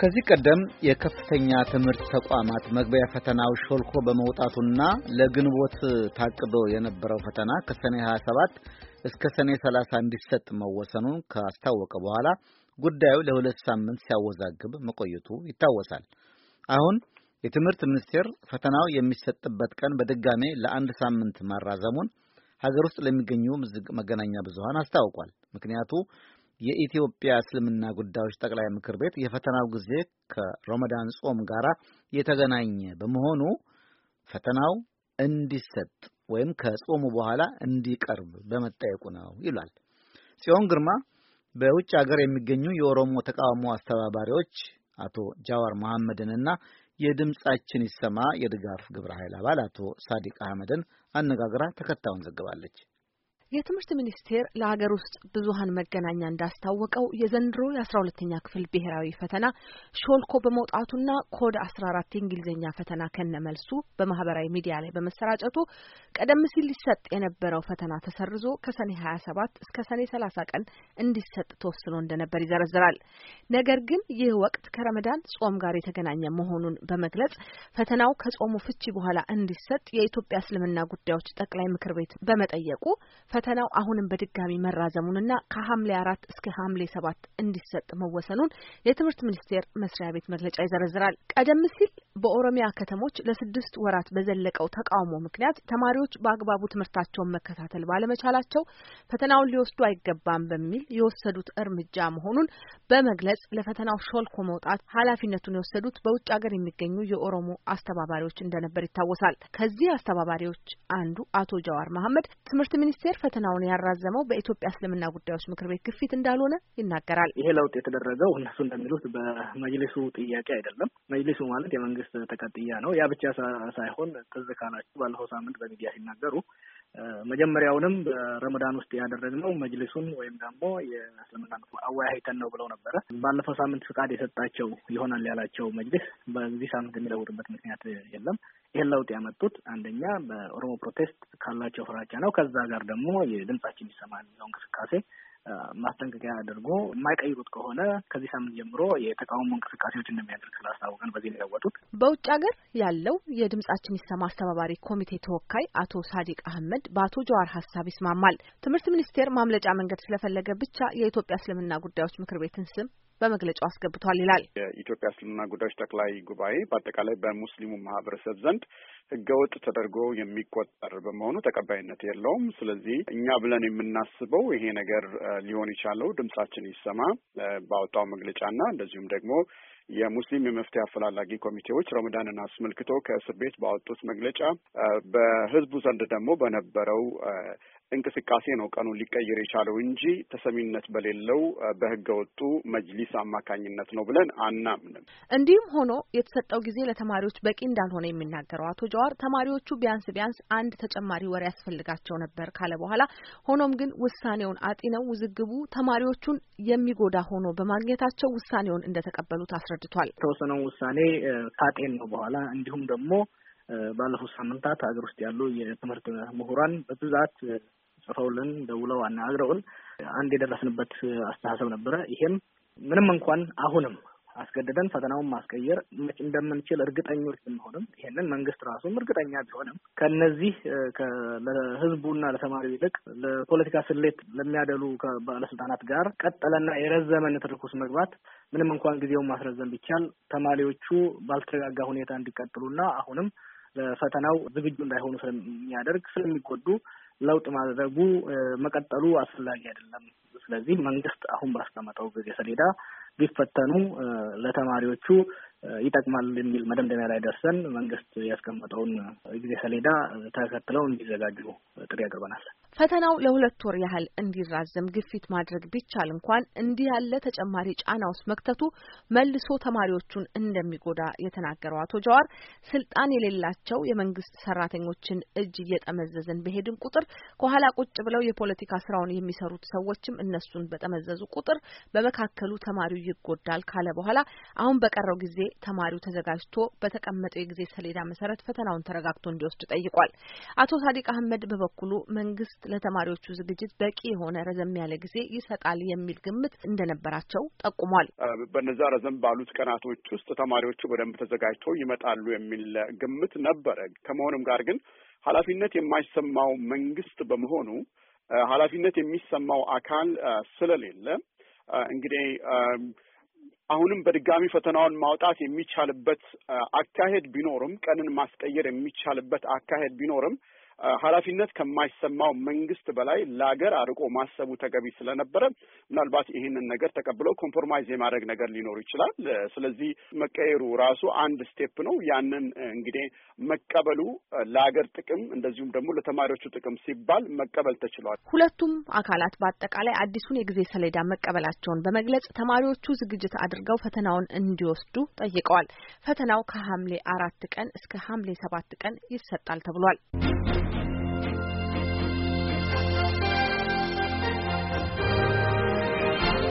ከዚህ ቀደም የከፍተኛ ትምህርት ተቋማት መግቢያ ፈተናው ሾልኮ በመውጣቱና ለግንቦት ታቅዶ የነበረው ፈተና ከሰኔ 27 እስከ ሰኔ 30 እንዲሰጥ መወሰኑን ካስታወቀ በኋላ ጉዳዩ ለሁለት ሳምንት ሲያወዛግብ መቆየቱ ይታወሳል። አሁን የትምህርት ሚኒስቴር ፈተናው የሚሰጥበት ቀን በድጋሜ ለአንድ ሳምንት ማራዘሙን ሀገር ውስጥ ለሚገኙ መገናኛ ብዙሃን አስታውቋል። ምክንያቱ የኢትዮጵያ እስልምና ጉዳዮች ጠቅላይ ምክር ቤት የፈተናው ጊዜ ከሮመዳን ጾም ጋር የተገናኘ በመሆኑ ፈተናው እንዲሰጥ ወይም ከጾሙ በኋላ እንዲቀርብ በመጠየቁ ነው ይሏል። ጽዮን ግርማ በውጭ ሀገር የሚገኙ የኦሮሞ ተቃውሞ አስተባባሪዎች አቶ ጃዋር መሐመድንና የድምጻችን ይሰማ የድጋፍ ግብረ ኃይል አባል አቶ ሳዲቅ አህመድን አነጋግራ ተከታዩን ዘግባለች። የትምህርት ሚኒስቴር ለሀገር ውስጥ ብዙሀን መገናኛ እንዳስታወቀው የዘንድሮ የአስራ ሁለተኛ ክፍል ብሔራዊ ፈተና ሾልኮ በመውጣቱና ኮድ አስራ አራት የእንግሊዝኛ ፈተና ከነመልሱ በማህበራዊ ሚዲያ ላይ በመሰራጨቱ ቀደም ሲል ሊሰጥ የነበረው ፈተና ተሰርዞ ከሰኔ ሀያ ሰባት እስከ ሰኔ ሰላሳ ቀን እንዲሰጥ ተወስኖ እንደነበር ይዘረዝራል። ነገር ግን ይህ ወቅት ከረመዳን ጾም ጋር የተገናኘ መሆኑን በመግለጽ ፈተናው ከጾሙ ፍቺ በኋላ እንዲሰጥ የኢትዮጵያ እስልምና ጉዳዮች ጠቅላይ ምክር ቤት በመጠየቁ ፈተናው አሁንም በድጋሚ መራዘሙንና ከሐምሌ አራት እስከ ሐምሌ ሰባት እንዲሰጥ መወሰኑን የትምህርት ሚኒስቴር መስሪያ ቤት መግለጫ ይዘረዝራል። ቀደም ሲል በኦሮሚያ ከተሞች ለስድስት ወራት በዘለቀው ተቃውሞ ምክንያት ተማሪዎች በአግባቡ ትምህርታቸውን መከታተል ባለመቻላቸው ፈተናውን ሊወስዱ አይገባም በሚል የወሰዱት እርምጃ መሆኑን በመግለጽ ለፈተናው ሾልኮ መውጣት ኃላፊነቱን የወሰዱት በውጭ ሀገር የሚገኙ የኦሮሞ አስተባባሪዎች እንደነበር ይታወሳል። ከዚህ አስተባባሪዎች አንዱ አቶ ጃዋር መሐመድ ትምህርት ሚኒስቴር ፈተናውን ያራዘመው በኢትዮጵያ እስልምና ጉዳዮች ምክር ቤት ግፊት እንዳልሆነ ይናገራል። ይሄ ለውጥ የተደረገው እነሱ እንደሚሉት በመጅሊሱ ጥያቄ አይደለም። መጅሊሱ ማለት የመንግስት መንግስት ተቀጥያ ነው። ያ ብቻ ሳይሆን ትዝ ካላችሁ ባለፈው ሳምንት በሚዲያ ሲናገሩ መጀመሪያውንም በረመዳን ውስጥ ያደረግነው መጅልሱን ወይም ደግሞ የእስልምና አወያይተን ነው ብለው ነበረ። ባለፈው ሳምንት ፍቃድ የሰጣቸው ይሆናል ያላቸው መጅልስ በዚህ ሳምንት የሚለውጥበት ምክንያት የለም። ይህን ለውጥ ያመጡት አንደኛ በኦሮሞ ፕሮቴስት ካላቸው ፍራቻ ነው። ከዛ ጋር ደግሞ የድምጻችን ይሰማል የሚለው እንቅስቃሴ ማስጠንቀቂያ አድርጎ የማይቀይሩት ከሆነ ከዚህ ሳምንት ጀምሮ የተቃውሞ እንቅስቃሴዎች እንደሚያደርግ ስላስታወቀን በዚህ ለወጡት። በውጭ ሀገር ያለው የድምጻችን ይሰማ አስተባባሪ ኮሚቴ ተወካይ አቶ ሳዲቅ አህመድ በአቶ ጀዋር ሀሳብ ይስማማል። ትምህርት ሚኒስቴር ማምለጫ መንገድ ስለፈለገ ብቻ የኢትዮጵያ እስልምና ጉዳዮች ምክር ቤትን ስም በመግለጫው አስገብቷል ይላል። የኢትዮጵያ እስልምና ጉዳዮች ጠቅላይ ጉባኤ በአጠቃላይ በሙስሊሙ ማህበረሰብ ዘንድ ህገወጥ ተደርጎ የሚቆጠር በመሆኑ ተቀባይነት የለውም። ስለዚህ እኛ ብለን የምናስበው ይሄ ነገር ሊሆን የቻለው ድምጻችን ይሰማ ባወጣው መግለጫና እንደዚሁም ደግሞ የሙስሊም የመፍትሄ አፈላላጊ ኮሚቴዎች ረመዳንን አስመልክቶ ከእስር ቤት ባወጡት መግለጫ በህዝቡ ዘንድ ደግሞ በነበረው እንቅስቃሴ ነው ቀኑን ሊቀይር የቻለው እንጂ ተሰሚነት በሌለው በህገ ወጡ መጅሊስ አማካኝነት ነው ብለን አናምንም። እንዲህም ሆኖ የተሰጠው ጊዜ ለተማሪዎች በቂ እንዳልሆነ የሚናገረው አቶ ጀዋር ተማሪዎቹ ቢያንስ ቢያንስ አንድ ተጨማሪ ወር ያስፈልጋቸው ነበር ካለ በኋላ ሆኖም ግን ውሳኔውን አጢነው ውዝግቡ ተማሪዎቹን የሚጎዳ ሆኖ በማግኘታቸው ውሳኔውን እንደተቀበሉት አስረድቷል። የተወሰነው ውሳኔ ካጤን ነው በኋላ እንዲሁም ደግሞ ባለፉት ሳምንታት ሀገር ውስጥ ያሉ የትምህርት ምሁራን በብዛት ጽፈውልን ደውለው አናግረውን አንድ የደረስንበት አስተሳሰብ ነበረ። ይሄም ምንም እንኳን አሁንም አስገድደን ፈተናውን ማስቀየር እንደምንችል እርግጠኞች ብንሆንም ይሄንን መንግስት ራሱም እርግጠኛ ቢሆንም ከነዚህ ለህዝቡና ለተማሪው ይልቅ ለፖለቲካ ስሌት ለሚያደሉ ከባለስልጣናት ጋር ቀጠለና የረዘመ ትርኩስ መግባት ምንም እንኳን ጊዜውን ማስረዘም ቢቻል ተማሪዎቹ ባልተረጋጋ ሁኔታ እንዲቀጥሉና አሁንም ለፈተናው ዝግጁ እንዳይሆኑ ስለሚያደርግ ስለሚጎዱ ለውጥ ማድረጉ መቀጠሉ አስፈላጊ አይደለም። ስለዚህ መንግስት አሁን ባስቀመጠው ጊዜ ሰሌዳ ቢፈተኑ ለተማሪዎቹ ይጠቅማል የሚል መደምደሚያ ላይ ደርሰን መንግስት ያስቀመጠውን ጊዜ ሰሌዳ ተከትለው እንዲዘጋጁ ጥሪ ያቀርበናል። ፈተናው ለሁለት ወር ያህል እንዲራዘም ግፊት ማድረግ ቢቻል እንኳን እንዲህ ያለ ተጨማሪ ጫና ውስጥ መክተቱ መልሶ ተማሪዎቹን እንደሚጎዳ የተናገረው አቶ ጀዋር ስልጣን የሌላቸው የመንግስት ሰራተኞችን እጅ እየጠመዘዝን በሄድን ቁጥር ከኋላ ቁጭ ብለው የፖለቲካ ስራውን የሚሰሩት ሰዎችም እነሱን በጠመዘዙ ቁጥር በመካከሉ ተማሪው ይጎዳል ካለ በኋላ አሁን በቀረው ጊዜ ተማሪው ተዘጋጅቶ በተቀመጠው የጊዜ ሰሌዳ መሰረት ፈተናውን ተረጋግቶ እንዲወስድ ጠይቋል። አቶ ሳዲቅ አህመድ በበኩሉ መንግስት ለተማሪዎቹ ዝግጅት በቂ የሆነ ረዘም ያለ ጊዜ ይሰጣል የሚል ግምት እንደነበራቸው ጠቁሟል። በነዛ ረዘም ባሉት ቀናቶች ውስጥ ተማሪዎቹ በደንብ ተዘጋጅተው ይመጣሉ የሚል ግምት ነበረ። ከመሆኑም ጋር ግን ኃላፊነት የማይሰማው መንግስት በመሆኑ ኃላፊነት የሚሰማው አካል ስለሌለ እንግዲህ አሁንም በድጋሚ ፈተናውን ማውጣት የሚቻልበት አካሄድ ቢኖርም ቀንን ማስቀየር የሚቻልበት አካሄድ ቢኖርም ኃላፊነት ከማይሰማው መንግስት በላይ ለአገር አርቆ ማሰቡ ተገቢ ስለነበረ ምናልባት ይህንን ነገር ተቀብለው ኮምፕሮማይዝ የማድረግ ነገር ሊኖር ይችላል። ስለዚህ መቀየሩ ራሱ አንድ ስቴፕ ነው። ያንን እንግዲህ መቀበሉ ለአገር ጥቅም እንደዚሁም ደግሞ ለተማሪዎቹ ጥቅም ሲባል መቀበል ተችሏል። ሁለቱም አካላት በአጠቃላይ አዲሱን የጊዜ ሰሌዳ መቀበላቸውን በመግለጽ ተማሪዎቹ ዝግጅት አድርገው ፈተናውን እንዲወስዱ ጠይቀዋል። ፈተናው ከሐምሌ አራት ቀን እስከ ሐምሌ ሰባት ቀን ይሰጣል ተብሏል።